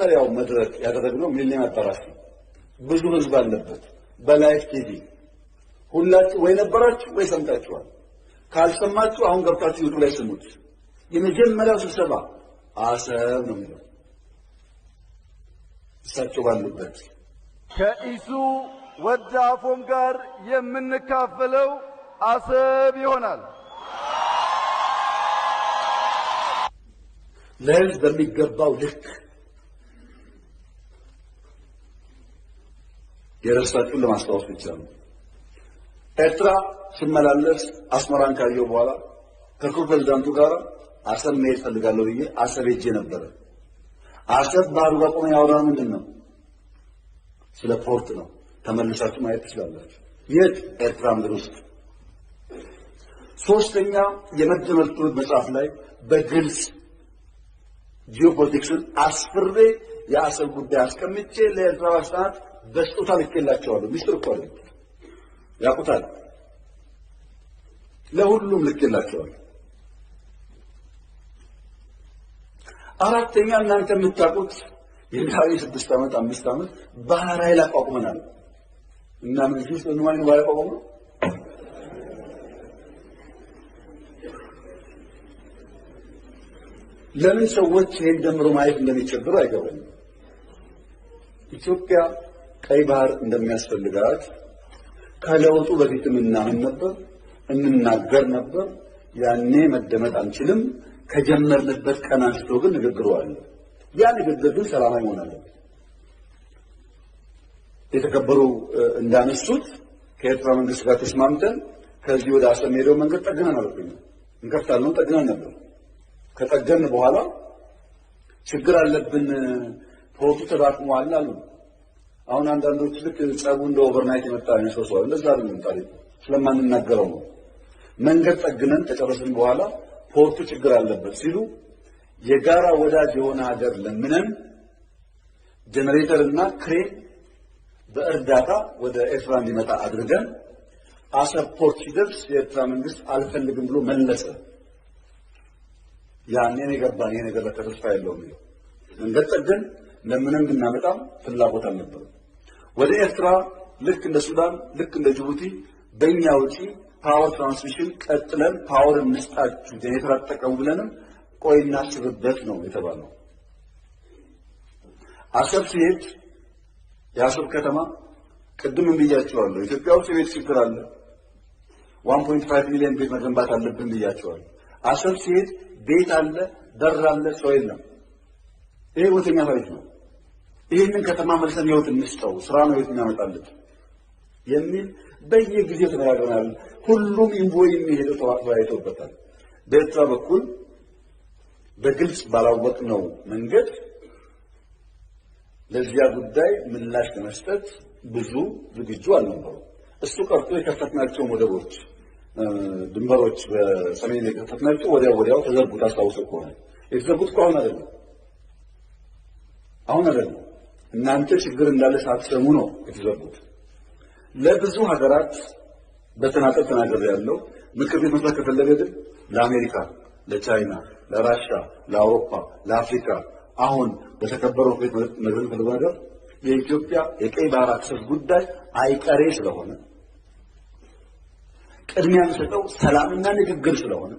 መሪያው መድረክ ያደረግነው ሚሊኒየም አዳራሽ ነው። ብዙ ህዝብ አለበት። በላይፍ ቲቪ ሁላችሁ ወይ ነበራችሁ ወይ ሰምታችኋል። ካልሰማችሁ አሁን ገብታችሁ ዩቱብ ላይ ስሙት። የመጀመሪያው ስብሰባ አሰብ ነው የሚለው እሳቸው ባሉበት ከኢሱ ወደ አፎም ጋር የምንካፈለው አሰብ ይሆናል። ለህዝብ በሚገባው ልክ የረሳችሁን ለማስታወስ ብቻ ነው። ኤርትራ ስመላለስ አስመራን ካየው በኋላ ከኩር ፕሬዚዳንቱ ጋር አሰብ መሄድ ፈልጋለሁ ብዬ አሰብ ሄጄ ነበረ። አሰብ ባህሩ ጋር ቆመን ያወራን ምንድን ነው? ስለ ፖርት ነው። ተመልሳችሁ ማየት ትችላላችሁ። የት ኤርትራ ምድር ውስጥ። ሶስተኛ የመደመር መጽሐፍ ላይ በግልጽ ጂኦፖለቲክስን አስፍሬ የአሰብ ጉዳይ አስቀምጬ ለኤርትራ ባለስልጣናት በስጦታ ልኬላቸዋለሁ። ሚስጥር እኮ አለ ያቁታል። ለሁሉም ልኬላቸዋለሁ። አራተኛ እናንተ የምታውቁት የዳዊ ስድስት ዓመት አምስት ዓመት ባህር ኃይል አቋቁመናል እና ምን ውስጥ እንማኝ ነው ባቋቁመ ለምን ሰዎች ይሄን ደምሮ ማየት እንደሚቸግሩ አይገባኝም። ኢትዮጵያ ቀይ ባህር እንደሚያስፈልጋት ከለውጡ በፊትም እናምን ነበር፣ እንናገር ነበር። ያኔ መደመጥ አንችልም። ከጀመርንበት ቀን አንስቶ ግን ንግግሩ አለ። ያ ንግግር ግን ሰላማዊ መሆን አለበት። የተከበሩ እንዳነሱት ከኤርትራ መንግስት ጋር ተስማምተን ከዚህ ወደ አሰብ ሄደው መንገድ ጠግነን አለብኝ እንከፍታለን ጠግነን ነበር። ከጠገን በኋላ ችግር አለብን፣ ፖርቱ ተዳክሟል አሉ። አሁን አንዳንዶች ልክ ጸቡ እንደ ኦቨርናይት የመጣ ይመስላል። እንደዛ አይደለም። ታሪክ ስለማንናገረው ነው። መንገድ ጠግነን ከጨረስን በኋላ ፖርቱ ችግር አለበት ሲሉ የጋራ ወዳጅ የሆነ ሀገር ለምነን ጀነሬተርና ክሬን በእርዳታ ወደ ኤርትራ እንዲመጣ አድርገን አሰብ ፖርት ሲደርስ የኤርትራ መንግስት አልፈልግም ብሎ መለሰ። ያኔ ነው የገባን ይሄ ነገር ለተስፋ የለውም መንገድ ጠግን ለምንም ብናመጣም ፍላጎት አልነበረም። ወደ ኤርትራ ልክ እንደ ሱዳን፣ ልክ እንደ ጅቡቲ በእኛ ውጪ ፓወር ትራንስሚሽን ቀጥለን ፓወር እንስጣችሁ ጄኔሬተር አትጠቀሙ ብለንም ቆይ እናስብበት ነው የተባለው። አሰብ ሲሄድ የአሰብ ከተማ ቅድም ብያቸዋለሁ፣ ኢትዮጵያ ውስጥ የቤት ችግር አለ። 1.5 ሚሊዮን ቤት መገንባት አለብን ብያቸዋለሁ። አሰብ ሲሄድ ቤት አለ፣ በር አለ፣ ሰው የለም። ይሄ እውነተኛ ታሪክ ነው። ይህንን ከተማ መልሰን ህይወት እንስጠው፣ ስራ ነው ህይወት የሚያመጣልን የሚል በየጊዜው ተነጋግረናል። ሁሉም ኢንቮይ የሚሄደው ተወያይቶበታል። በኤርትራ በኩል በግልጽ ባላወቅነው መንገድ ለዚያ ጉዳይ ምላሽ ለመስጠት ብዙ ዝግጁ አልነበሩ። እሱ ቀርቶ የከፈትናቸው ወደቦች፣ ድንበሮች በሰሜን የከፈትናቸው ወዲያው ወዲያው ተዘጉት። አስታውሰው ከሆነ የተዘጉት እኮ አሁን አይደለም አሁን አይደለም እናንተ ችግር እንዳለ ሳትሰሙ ነው የተዘጉት። ለብዙ ሀገራት በተናጠል ተናገር ያለው ምክር ቤት መስራት ከፈለገ ግን ለአሜሪካ፣ ለቻይና፣ ለራሻ፣ ለአውሮፓ፣ ለአፍሪካ አሁን በተከበረው ቤት መድረክ ፈልጓደር የኢትዮጵያ የቀይ ባህር አክሰስ ጉዳይ አይቀሬ ስለሆነ ቅድሚያ የሚሰጠው ሰላምና ንግግር ስለሆነ